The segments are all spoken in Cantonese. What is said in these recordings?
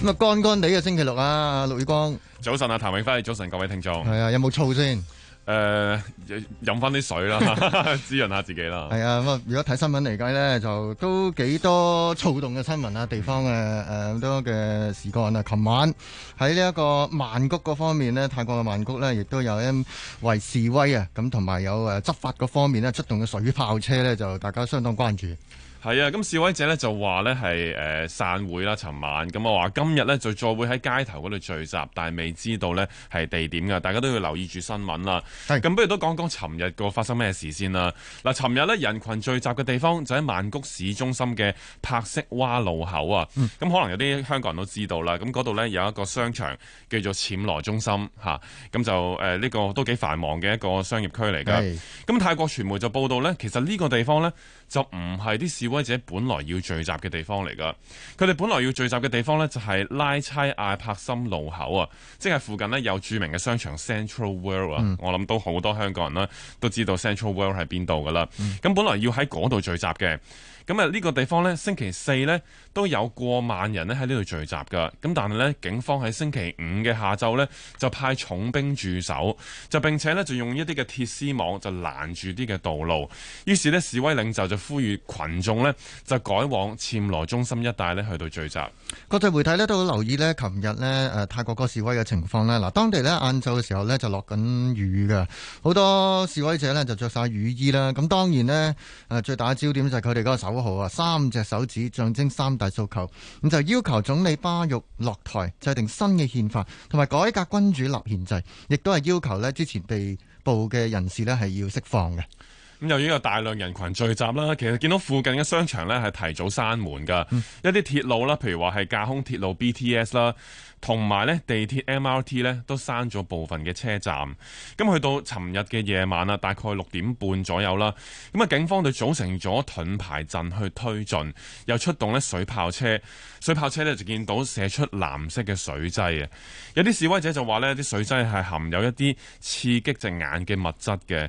咁啊，乾乾地嘅星期六啊，陸宇光。早晨啊，譚永輝，早晨各位聽眾。係啊，有冇燥先？誒、呃，飲翻啲水啦， 滋潤下自己啦。係啊，咁啊，如果睇新聞嚟計咧，就都幾多躁動嘅新聞啊，地方嘅誒咁多嘅事幹啊。琴、啊啊、晚喺呢一個曼谷嗰方面咧，泰國嘅曼谷咧，亦都有啲為示威啊，咁同埋有誒執法嗰方面咧出動嘅水炮車咧，就大家相當關注。係啊，咁示威者咧就話咧係誒散會啦，尋晚咁啊話今日咧就再會喺街頭嗰度聚集，但係未知道咧係地點噶，大家都要留意住新聞啦。咁，不如都講講尋日個發生咩事先啦、啊。嗱、啊，尋日咧人群聚集嘅地方就喺曼谷市中心嘅帕色哇路口啊。咁、嗯、可能有啲香港人都知道啦，咁嗰度咧有一個商場叫做暹羅中心，吓、啊，咁就誒呢、呃這個都幾繁忙嘅一個商業區嚟噶。咁泰國傳媒就報道咧，其實呢個地方咧就唔係啲示威示威者本來要聚集嘅地方嚟噶，佢哋本來要聚集嘅地方呢，就係拉差艾柏森路口啊，即係附近呢有著名嘅商場 Central World 啊、嗯，我諗都好多香港人啦都知道 Central World 係邊度噶啦，咁、嗯、本來要喺嗰度聚集嘅。咁啊呢個地方咧，星期四咧都有過萬人咧喺呢度聚集㗎。咁但係咧，警方喺星期五嘅下晝咧就派重兵駐守，就並且咧就用一啲嘅鐵絲網就攔住啲嘅道路。於是咧，示威領袖就呼籲群眾咧就改往暹羅中心一帶咧去到聚集。國際媒體咧都好留意咧，琴日咧誒泰國個示威嘅情況咧。嗱，當地咧晏晝嘅時候咧就落緊雨㗎，好多示威者咧就着晒雨衣啦。咁當然咧誒、呃、最大嘅焦點就係佢哋嗰個手。好啊，三隻手指象徵三大訴求，咁就要求總理巴育落台、制定新嘅憲法、同埋改革君主立憲制，亦都係要求之前被捕嘅人士咧係要釋放嘅。咁由於有大量人群聚集啦，其實見到附近嘅商場咧係提早閂門㗎、嗯，一啲鐵路啦，譬如話係架空鐵路 BTS 啦，同埋咧地鐵 MRT 咧都閂咗部分嘅車站。咁去到尋日嘅夜晚啊，大概六點半左右啦，咁啊警方就組成咗盾牌陣去推進，又出動咧水炮車，水炮車咧就見到射出藍色嘅水劑啊！有啲示威者就話咧，啲水劑係含有一啲刺激隻眼嘅物質嘅。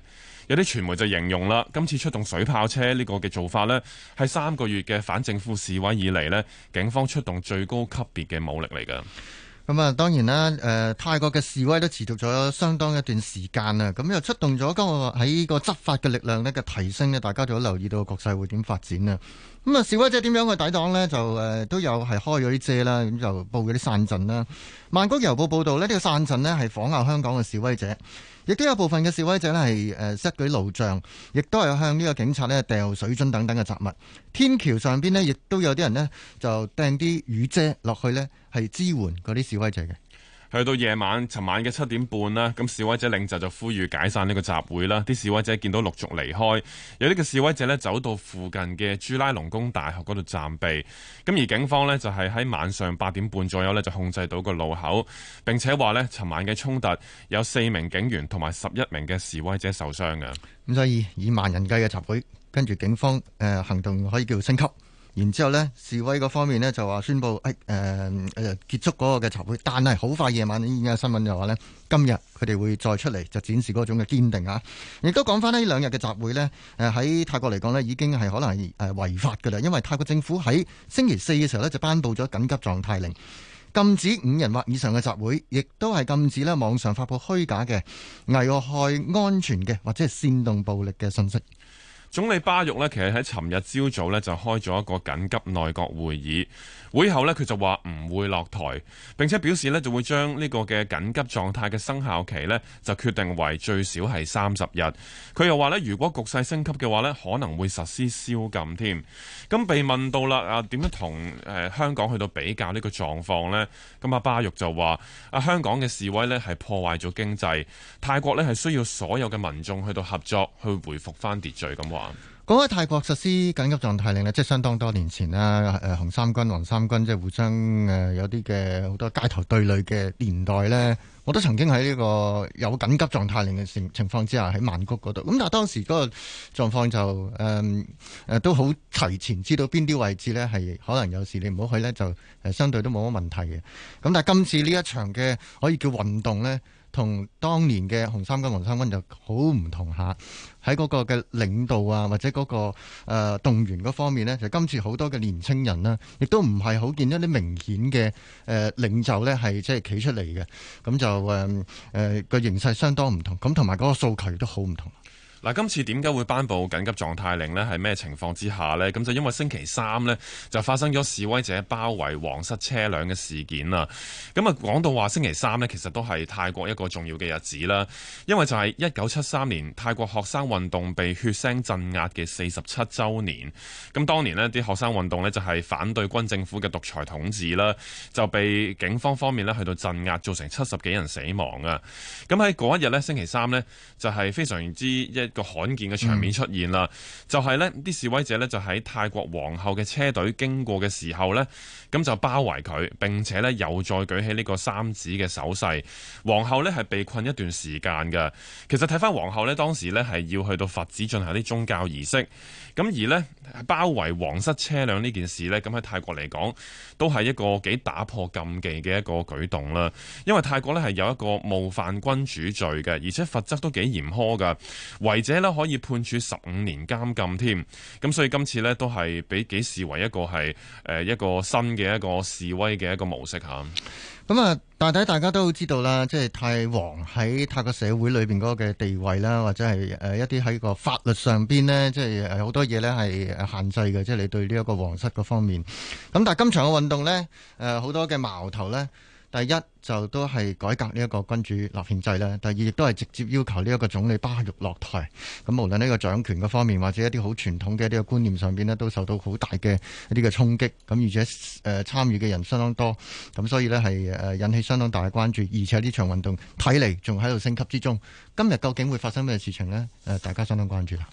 有啲傳媒就形容啦，今次出動水砲車呢個嘅做法呢，係三個月嘅反政府示威以嚟咧，警方出動最高級別嘅武力嚟㗎。咁啊，當然啦，誒泰國嘅示威都持續咗相當一段時間啊，咁又出動咗嗰個喺個執法嘅力量呢嘅提升咧，大家就留意到個局勢會點發展啊。咁啊，示威者點樣去抵擋呢？就誒、呃、都有係開咗啲遮啦，咁就佈啲傘陣啦。《曼谷郵報》報道咧，呢、呢個傘陣呢係仿效香港嘅示威者。亦都有部分嘅示威者呢，係誒失舉路障，亦都係向呢個警察呢掟水樽等等嘅雜物。天橋上邊呢，亦都有啲人呢就掟啲雨遮落去呢，係支援嗰啲示威者嘅。去到夜晚，尋晚嘅七點半啦，咁示威者領袖就呼籲解散呢個集會啦。啲示威者見到陸續離開，有啲嘅示威者呢走到附近嘅朱拉隆功大學嗰度暫避。咁而警方呢就係喺晚上八點半左右呢就控制到個路口，並且話呢尋晚嘅衝突有四名警員同埋十一名嘅示威者受傷㗎。咁所以以萬人計嘅集會，跟住警方誒、呃、行動可以叫升級。然之後呢，示威嗰方面呢，就話宣佈誒誒結束嗰個嘅集會，但係好快夜晚已經有新聞就話呢，今日佢哋會再出嚟就展示嗰種嘅堅定啊！亦都講翻呢兩日嘅集會呢，誒、呃、喺泰國嚟講呢，已經係可能係誒違法㗎喇，因為泰國政府喺星期四嘅時候呢，就頒佈咗緊急狀態令，禁止五人或以上嘅集會，亦都係禁止呢網上發布虛假嘅危害，害安全嘅或者係煽動暴力嘅信息。總理巴育呢，其實喺尋日朝早呢，就開咗一個緊急內閣會議，會後呢，佢就話唔會落台，並且表示呢，就會將呢個嘅緊急狀態嘅生效期呢，就決定為最少係三十日。佢又話呢，如果局勢升級嘅話呢，可能會實施宵禁添。咁被問到啦啊，點樣同誒香港去到比較呢個狀況呢？咁巴育就話：香港嘅示威呢，係破壞咗經濟，泰國呢，係需要所有嘅民眾去到合作去回復翻秩序咁。講開泰國實施緊急狀態令咧，即係相當多年前啦。誒，紅三軍、黃三軍即係互相誒，有啲嘅好多街頭對壘嘅年代呢，我都曾經喺呢個有緊急狀態令嘅情情況之下喺曼谷嗰度。咁但係當時嗰個狀況就誒誒、嗯，都好提前知道邊啲位置呢，係可能有事，你唔好去呢，就誒，相對都冇乜問題嘅。咁但係今次呢一場嘅可以叫運動呢，同當年嘅紅衫軍黃衫軍就好唔同吓，喺嗰嘅領導啊，或者嗰、那、誒、個呃、動員嗰方面咧，就今次好多嘅年青人啦、啊，亦都唔係好見一啲明顯嘅誒領袖咧，係即係企出嚟嘅，咁就誒誒個形勢相當唔同，咁同埋嗰訴求亦都好唔同。嗱，今次點解會頒布緊急狀態令咧？係咩情況之下咧？咁就因為星期三咧，就發生咗示威者包圍皇室車輛嘅事件啊！咁啊，講到話星期三咧，其實都係泰國一個重要嘅日子啦，因為就係一九七三年泰國學生運動被血腥鎮壓嘅四十七周年。咁當年咧，啲學生運動咧就係反對軍政府嘅獨裁統治啦，就被警方方面咧去到鎮壓，造成七十幾人死亡啊！咁喺嗰一日咧，星期三咧，就係、是、非常之一。一個罕見嘅場面出現啦，就係呢啲示威者呢，就喺泰國皇后嘅車隊經過嘅時候呢，咁就包圍佢，並且呢又再舉起呢個三指嘅手勢。皇后呢係被困一段時間噶。其實睇翻皇后呢，當時呢係要去到佛寺進行啲宗教儀式，咁而呢，包圍皇室車輛呢件事呢，咁喺泰國嚟講都係一個幾打破禁忌嘅一個舉動啦。因為泰國呢係有一個冒犯君主罪嘅，而且罰則都幾嚴苛噶。而且咧可以判處十五年監禁添，咁所以今次呢，都係俾幾視為一個係誒一個新嘅一個示威嘅一個模式嚇。咁啊，大抵大家都知道啦，即係泰皇喺泰國社會裏邊嗰個嘅地位啦，或者係誒一啲喺個法律上邊呢，即係好多嘢呢係限制嘅，即係你對呢一個皇室嗰方面。咁但係今場嘅運動呢，誒好多嘅矛頭呢。第一就都係改革呢一個君主立憲制啦；第二亦都係直接要求呢一個總理巴育落台。咁無論呢個掌權嗰方面，或者一啲好傳統嘅呢個觀念上面，呢都受到好大嘅一啲嘅衝擊。咁而且誒參與嘅人相當多，咁所以呢，係誒引起相當大嘅關注。而且呢場運動睇嚟仲喺度升級之中。今日究竟會發生咩事情呢？大家相當關注啦。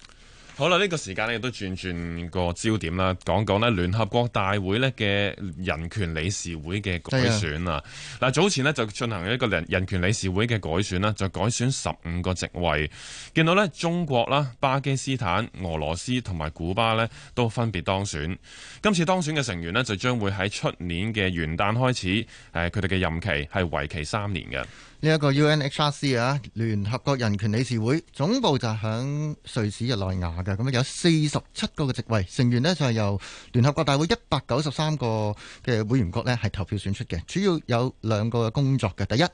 好啦，呢個時間呢，亦都轉轉個焦點啦，講講呢，聯合國大會呢嘅人權理事會嘅改選啊！嗱，早前呢，就進行一個人人權理事會嘅改選啦，就改選十五個席位。見到呢，中國啦、巴基斯坦、俄羅斯同埋古巴呢，都分別當選。今次當選嘅成員呢，就將會喺出年嘅元旦開始，誒佢哋嘅任期係為期三年嘅。呢一個 UNHRC 啊，聯合國人權理事會總部就喺瑞士日內瓦。咁有四十七個嘅席位成員咧，就係由聯合國大會一百九十三個嘅會員國咧，係投票選出嘅。主要有兩個工作嘅，第一，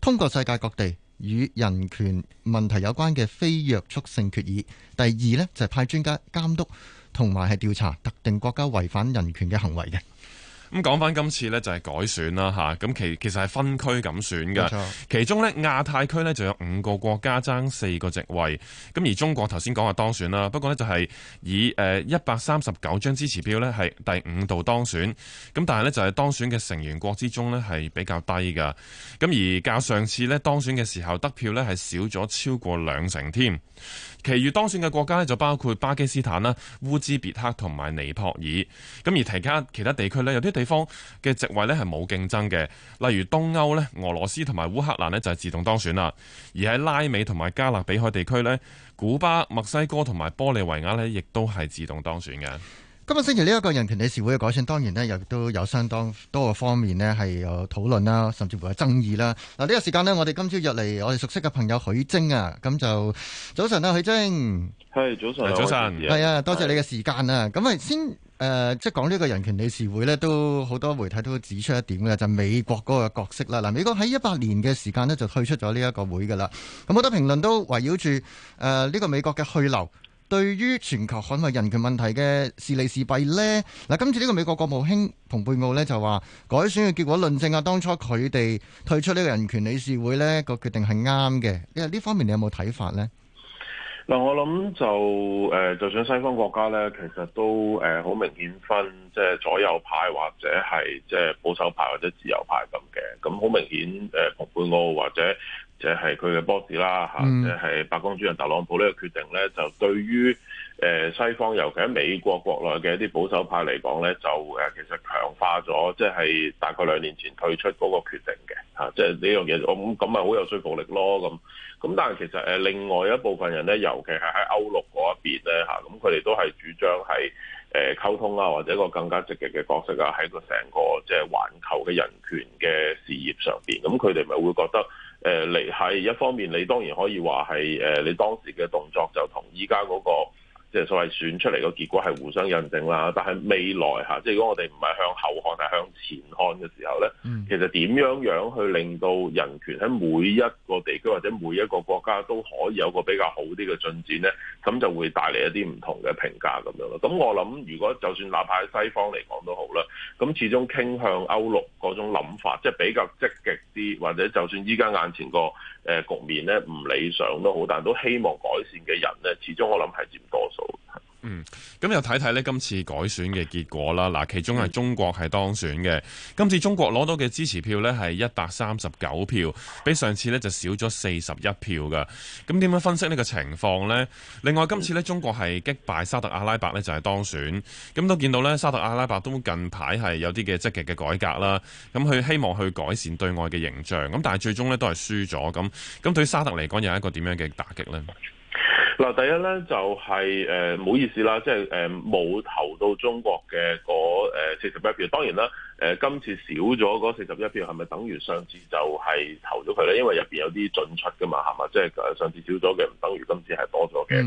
通過世界各地與人權問題有關嘅非約束性決議；第二呢就係派專家監督同埋係調查特定國家違反人權嘅行為嘅。咁講翻今次呢，就係改選啦吓，咁其其實係分區咁選㗎。其中呢，亞太區呢就有五個國家爭四個席位，咁而中國頭先講話當選啦，不過呢就係以誒一百三十九張支持票呢係第五度當選，咁但係呢，就係當選嘅成員國之中呢係比較低噶，咁而較上次呢，當選嘅時候得票呢係少咗超過兩成添。其餘當選嘅國家咧就包括巴基斯坦啦、烏茲別克同埋尼泊爾。咁而其他其他地區咧，有啲地方嘅席位咧係冇競爭嘅，例如東歐咧，俄羅斯同埋烏克蘭咧就係自動當選啦。而喺拉美同埋加勒比海地區咧，古巴、墨西哥同埋玻利維亞咧亦都係自動當選嘅。今個星期呢一個人權理事會嘅改選當然呢，亦都有相當多個方面呢係有討論啦，甚至乎有爭議啦。嗱，呢個時間呢，我哋今朝入嚟，我哋熟悉嘅朋友許楨啊，咁就早晨啦、啊，許楨，係早晨，早晨，係啊，多謝你嘅時間啊。咁啊，先誒、呃，即係講呢個個人權理事會呢，都好多媒體都指出一點嘅，就是、美國嗰個角色啦。嗱，美國喺一八年嘅時間呢，就退出咗呢一個會噶啦。咁好多評論都圍繞住呢、呃呢個美國嘅去留。對於全球捍衞人權問題嘅是利是弊呢，嗱，今次呢個美國國務卿蓬佩奧呢，就話改選嘅結果論證啊，當初佢哋退出呢個人權理事會呢個決定係啱嘅，因為呢方面你有冇睇法呢？嗱，我諗就誒，就想西方國家呢，其實都誒好明顯分即係左右派或者係即係保守派或者自由派咁嘅，咁好明顯誒，蓬佩奧或者。就係佢嘅 boss 啦嚇，就係、是、白宮主任特朗普呢個決定咧，就對於誒西方，尤其喺美國國內嘅一啲保守派嚟講咧，就誒其實強化咗，即、就、係、是、大概兩年前退出嗰個決定嘅嚇。即係呢樣嘢，我咁咁咪好有說服力咯咁。咁但係其實誒另外一部分人咧，尤其係喺歐陸嗰一邊咧嚇，咁佢哋都係主張係誒溝通啊，或者一個更加積極嘅角色啊，喺個成個即係環球嘅人權嘅事業上邊，咁佢哋咪會覺得。.誒、呃，嚟係一方面，你當然可以話係誒，你當時嘅動作就同依家嗰個。即係所謂選出嚟個結果係互相印證啦，但係未來嚇，即係如果我哋唔係向後看，係向前看嘅時候咧，其實點樣樣去令到人權喺每一個地區或者每一個國家都可以有個比較好啲嘅進展咧，咁就會帶嚟一啲唔同嘅評價咁樣咯。咁我諗，如果就算哪怕喺西方嚟講都好啦，咁始終傾向歐陸嗰種諗法，即係比較積極啲，或者就算依家眼前個誒局面咧唔理想都好，但都希望改善嘅人咧，始終我諗係佔多。嗯，咁又睇睇呢今次改選嘅結果啦。嗱，其中係中國係當選嘅。今次中國攞到嘅支持票呢係一百三十九票，比上次呢就少咗四十一票噶。咁點樣分析呢個情況呢？另外今次呢中國係擊敗沙特阿拉伯呢就係當選。咁都見到呢沙特阿拉伯都近排係有啲嘅積極嘅改革啦。咁佢希望去改善對外嘅形象。咁但係最終呢都係輸咗。咁咁對沙特嚟講又係一個點樣嘅打擊呢？嗱，第一咧就係、是、誒，唔好意思啦，即係誒冇投到中國嘅嗰、那個，四十一票，當然啦，誒、呃、今次少咗嗰四十一票係咪等於上次就係投咗佢咧？因為入邊有啲進出噶嘛，係嘛？即係上次少咗嘅唔等於今次係多咗嘅。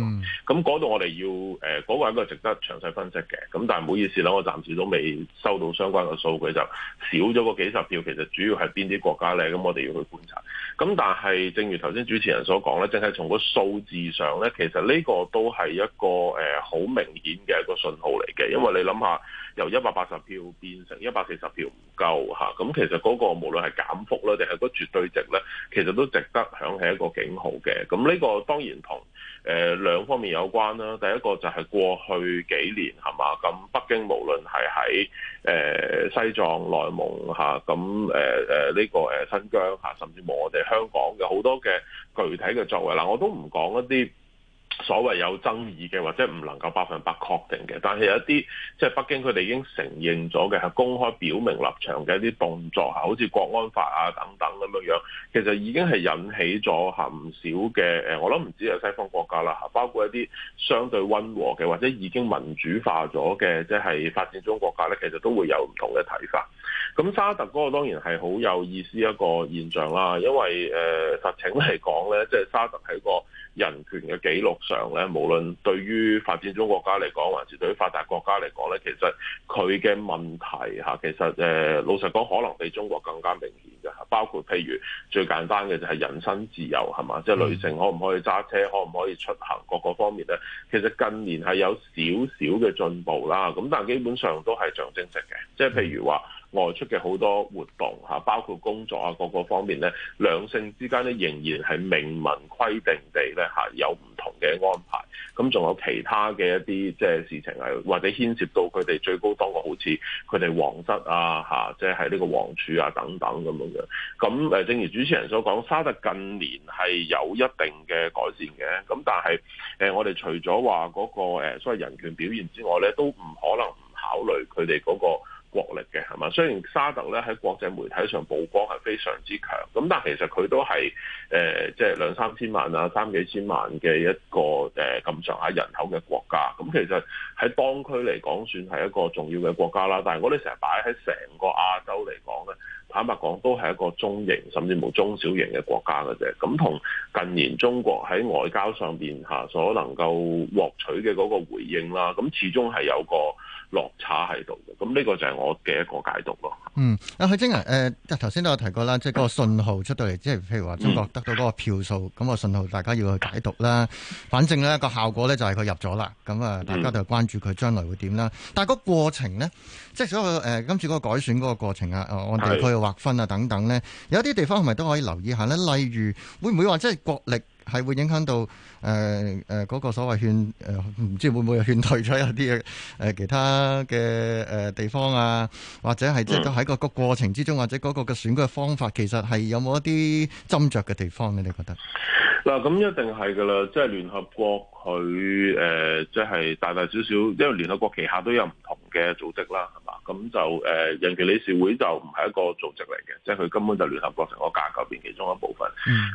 咁嗰度我哋要誒嗰、呃那個係一個值得詳細分析嘅。咁但係唔好意思啦，我暫時都未收到相關嘅數據，就少咗個幾十票。其實主要係邊啲國家咧？咁我哋要去觀察。咁但係正如頭先主持人所講咧，正係從個數字上咧，其實呢個都係一個誒好、呃、明顯嘅一個信號嚟嘅。因為你諗下，由一百八十。票變成一百四十票唔夠嚇，咁其實嗰個無論係減幅啦定係嗰絕對值咧，其實都值得響起一個警號嘅。咁呢個當然同誒、呃、兩方面有關啦。第一個就係過去幾年係嘛，咁北京無論係喺誒西藏、內蒙嚇，咁誒誒呢個誒新疆嚇、啊，甚至乎我哋香港嘅好多嘅具體嘅作為。嗱、呃，我都唔講一啲。所謂有爭議嘅或者唔能夠百分百確定嘅，但係有一啲即係北京佢哋已經承認咗嘅，係公開表明立場嘅一啲動作嚇，好似國安法啊等等咁樣樣，其實已經係引起咗嚇唔少嘅誒，我諗唔止係西方國家啦嚇，包括一啲相對温和嘅或者已經民主化咗嘅即係發展中國家咧，其實都會有唔同嘅睇法。咁沙特嗰個當然係好有意思一個現象啦，因為誒、呃、實情嚟講咧，即係沙特係個。人權嘅記錄上咧，無論對於發展中國家嚟講，還是對於發達國家嚟講咧，其實佢嘅問題嚇，其實誒，老實講，可能比中國更加明顯嘅，包括譬如最簡單嘅就係人身自由係嘛、嗯，即係女性可唔可以揸車，可唔可以出行，各個方面咧，其實近年係有少少嘅進步啦，咁但係基本上都係象徵式嘅，即係譬如話。外出嘅好多活動嚇，包括工作啊，各個方面咧，兩性之間咧仍然係明文規定地咧嚇有唔同嘅安排。咁仲有其他嘅一啲即係事情係或者牽涉到佢哋最高當局，好似佢哋皇室啊嚇，即係喺呢個皇儲啊等等咁樣。咁誒，正如主持人所講，沙特近年係有一定嘅改善嘅。咁但係誒，我哋除咗話嗰個所謂人權表現之外咧，都唔可能唔考慮佢哋嗰個。國力嘅係嘛？雖然沙特咧喺國際媒體上曝光係非常之強，咁但其實佢都係誒、呃，即係兩三千萬啊，三幾千萬嘅一個誒咁上下人口嘅國家。咁其實喺當區嚟講，算係一個重要嘅國家啦。但係我哋成日擺喺成個亞洲嚟講咧，坦白講都係一個中型，甚至冇中小型嘅國家嘅啫。咁同近年中國喺外交上面嚇所能夠獲取嘅嗰個回應啦，咁始終係有個。落差喺度嘅，咁呢個就係我嘅一個解讀咯。嗯，阿許楨啊，誒頭先都有提過啦，即係個信號出到嚟，即係譬如話中國得到嗰個票數，咁、嗯、個信號大家要去解讀啦。反正咧個效果咧就係佢入咗啦，咁啊大家就關注佢將來會點啦。但係個過程咧，即係所有今次嗰個改選嗰個過程啊，按地區劃分啊等等咧，有啲地方係咪都可以留意下咧？例如會唔會話即係國力？係會影響到誒誒嗰個所謂勸誒，唔知會唔會勸退咗有啲誒、呃、其他嘅誒、呃、地方啊，或者係即係喺個個過程之中，嗯、或者嗰個嘅選舉嘅方法，其實係有冇一啲斟酌嘅地方咧？你覺得嗱？咁一定係噶啦，即係聯合國佢誒即係大大小小，因為聯合國旗下都有唔同嘅組織啦，係嘛？咁就誒、呃、人權理事會就唔係一個組織嚟嘅，即係佢根本就聯合國成個架構入邊其中一部分。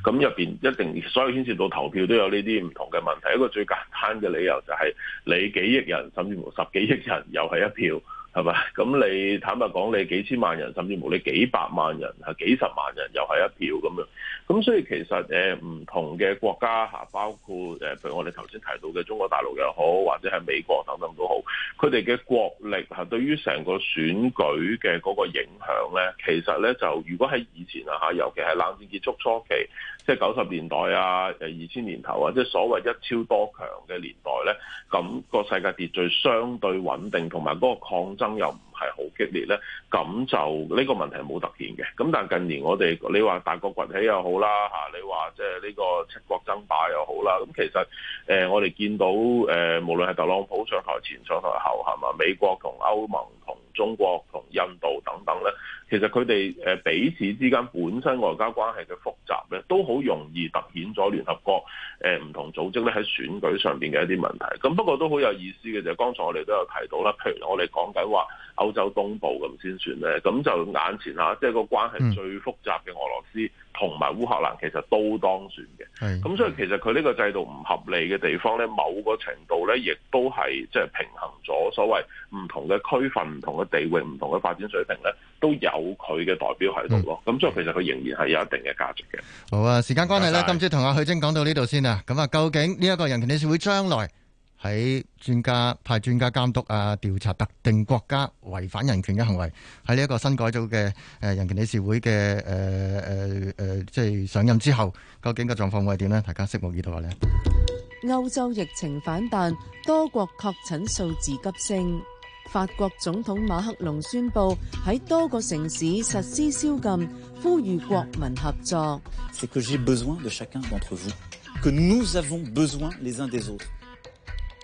咁入邊一定所有。牽涉到投票都有呢啲唔同嘅問題，一個最簡單嘅理由就係：你幾億人，甚至乎十幾億人又係一票。係嘛？咁你坦白講，你幾千萬人，甚至乎你幾百萬人，係幾十萬人，又係一票咁樣。咁所以其實唔同嘅國家，包括誒，譬如我哋頭先提到嘅中國大陸又好，或者係美國等等都好，佢哋嘅國力係對於成個選舉嘅嗰個影響咧，其實咧就如果喺以前啊，尤其係冷戰結束初期，即係九十年代啊，二千年頭啊，即係所謂一超多強嘅年代咧，咁個世界秩序相對穩定，同埋嗰個抗爭。又唔係好激烈呢，咁就呢個問題冇突顯嘅。咁但係近年我哋，你話大國崛起又好啦嚇，你話即係呢個七國爭霸又好啦。咁其實誒，我哋見到誒，無論係特朗普上台前、上台後係嘛，美國同歐盟。中國同印度等等咧，其實佢哋誒彼此之間本身外交關係嘅複雜咧，都好容易突顯咗聯合國誒唔同組織咧喺選舉上邊嘅一啲問題。咁不過都好有意思嘅就係，剛才我哋都有提到啦，譬如我哋講緊話歐洲東部咁先算咧，咁就眼前嚇即係個關係最複雜嘅俄羅斯同埋烏克蘭，其實都當選嘅。咁，所以其實佢呢個制度唔合理嘅地方咧，某個程度咧，亦都係即係平衡咗所謂唔同嘅區分、唔同嘅地位唔同嘅發展水平咧，都有佢嘅代表喺度咯。咁所以其實，佢仍然係有一定嘅價值嘅。好啊，時間關係咧，今朝同阿許楨講到呢度先啊。咁啊，究竟呢一個人權理事會將來喺專家派專家監督啊，調查特定國家違反人權嘅行為，喺呢一個新改組嘅誒人權理事會嘅誒誒誒，即係上任之後，究竟嘅狀況會係點呢？大家拭目以待啦。呢？歐洲疫情反彈，多國確診數字急升。法國總統馬克龍宣布喺多個城市實施宵禁，呼籲國民合作。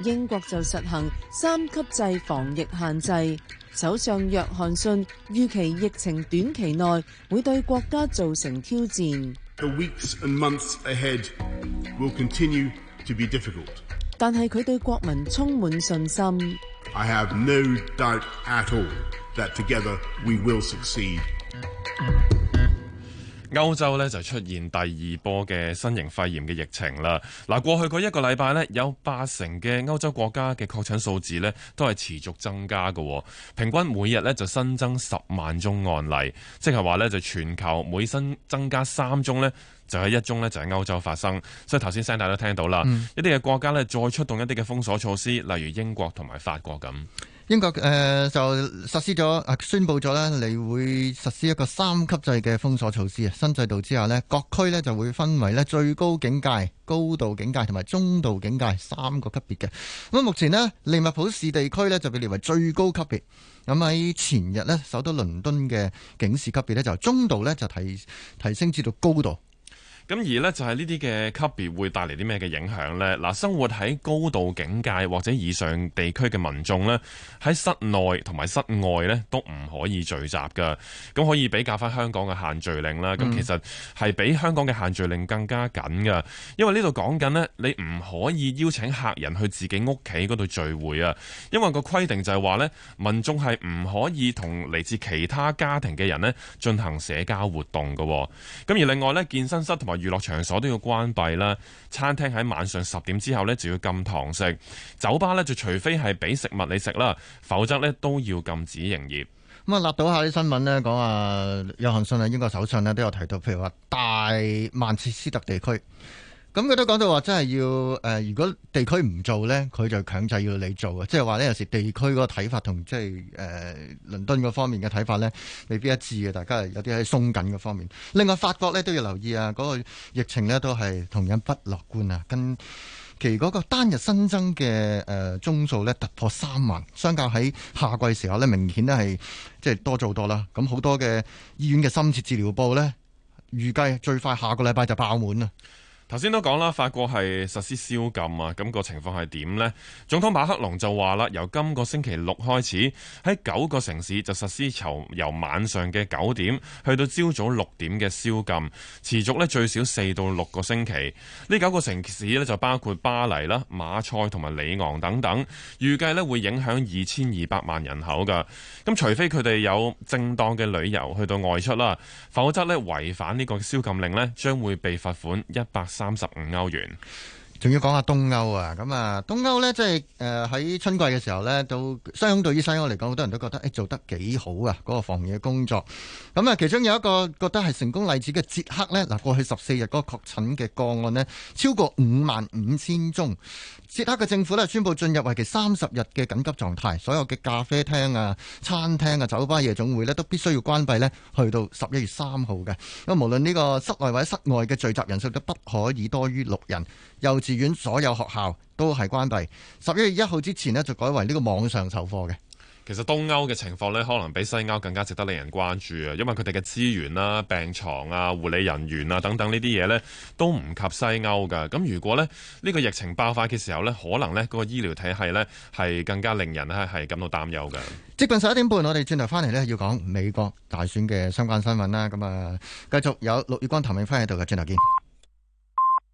英國就實行三級制防疫限制，首相約翰遜預期疫情短期內會對國家造成挑戰。The weeks and months ahead will continue to be difficult. 但係佢對國民充滿信心。歐、no、洲咧就出現第二波嘅新型肺炎嘅疫情啦。嗱，過去嗰一個禮拜，有八成嘅歐洲國家嘅確診數字都係持續增加嘅，平均每日就新增十萬宗案例，即係話咧就全球每新增加三宗就喺、是、一中呢，就喺歐洲發生，所以頭先聲帶都聽到啦。一啲嘅國家呢，再出動一啲嘅封鎖措施，例如英國同埋法國咁。英國誒、呃、就實施咗啊，宣布咗呢，你會實施一個三級制嘅封鎖措施啊。新制度之下呢，各區呢就會分為呢最高警戒、高度警戒同埋中度警戒三個級別嘅。咁目前呢，利物浦市地區呢就被列為最高級別。咁喺前日呢，首都倫敦嘅警示級別呢，就中度呢就提提升至到高度。咁而呢就係呢啲嘅級別會帶嚟啲咩嘅影響咧？嗱，生活喺高度警戒或者以上地區嘅民眾咧，喺室內同埋室外咧都唔可以聚集噶，咁可以比較翻香港嘅限聚令啦。咁其實係比香港嘅限聚令更加緊噶，因為呢度講緊咧，你唔可以邀請客人去自己屋企嗰度聚會啊。因為個規定就係話咧，民眾係唔可以同嚟自其他家庭嘅人咧進行社交活動嘅。咁而另外咧，健身室同埋娛樂場所都要關閉啦，餐廳喺晚上十點之後呢就要禁堂食，酒吧呢就除非係俾食物你食啦，否則呢都要禁止營業。咁啊，立到下啲新聞呢講啊，約翰遜啊，英國首相呢都有提到，譬如話大曼徹斯特地區。咁佢都講到話，真係要誒，如果地區唔做咧，佢就強制要你做啊！即係話呢，有時地區嗰個睇法同即係誒倫敦嗰方面嘅睇法咧，未必一致嘅。大家係有啲喺鬆緊嘅方面。另外，法國呢都要留意啊，嗰個疫情呢都係同樣不樂觀啊，跟其嗰個單日新增嘅誒宗數咧突破三萬，相較喺夏季時候呢，明顯呢係即係多做多啦。咁好多嘅醫院嘅深切治療部呢，預計最快下個禮拜就爆滿啦。頭先都講啦，法國係實施宵禁啊，咁個情況係點呢？總統馬克龍就話啦，由今個星期六開始，喺九個城市就實施由由晚上嘅九點去到朝早六點嘅宵禁，持續呢最少四到六個星期。呢九個城市呢，就包括巴黎啦、馬賽同埋里昂等等，預計呢會影響二千二百萬人口噶。咁除非佢哋有正當嘅旅遊去到外出啦，否則呢違反呢個宵禁令呢，將會被罰款一百。三十五歐元。仲要講下東歐啊，咁啊東歐呢，即係誒喺春季嘅時候呢，都相對於西歐嚟講，好多人都覺得誒做得幾好啊，嗰個防疫工作。咁啊，其中有一個覺得係成功例子嘅捷克呢。嗱，過去十四日嗰個確診嘅個案呢，超過五萬五千宗。捷克嘅政府呢，宣布進入為期三十日嘅緊急狀態，所有嘅咖啡廳啊、餐廳啊、酒吧、夜總會呢，都必須要關閉呢。去到十一月三號嘅。咁無論呢個室內或者室外嘅聚集人數都不可以多於六人，又院所有學校都係關閉，十一月一號之前呢，就改為呢個網上授課嘅。其實東歐嘅情況呢，可能比西歐更加值得令人關注啊！因為佢哋嘅資源啦、病床啊、護理人員啊等等呢啲嘢呢，都唔及西歐噶。咁如果呢，呢個疫情爆發嘅時候呢，可能呢嗰個醫療體系呢，係更加令人呢係感到擔憂噶。接近十一點半，我哋轉頭翻嚟呢，要講美國大選嘅相關新聞啦。咁啊，繼續有陸月光、譚永輝喺度嘅，轉頭見。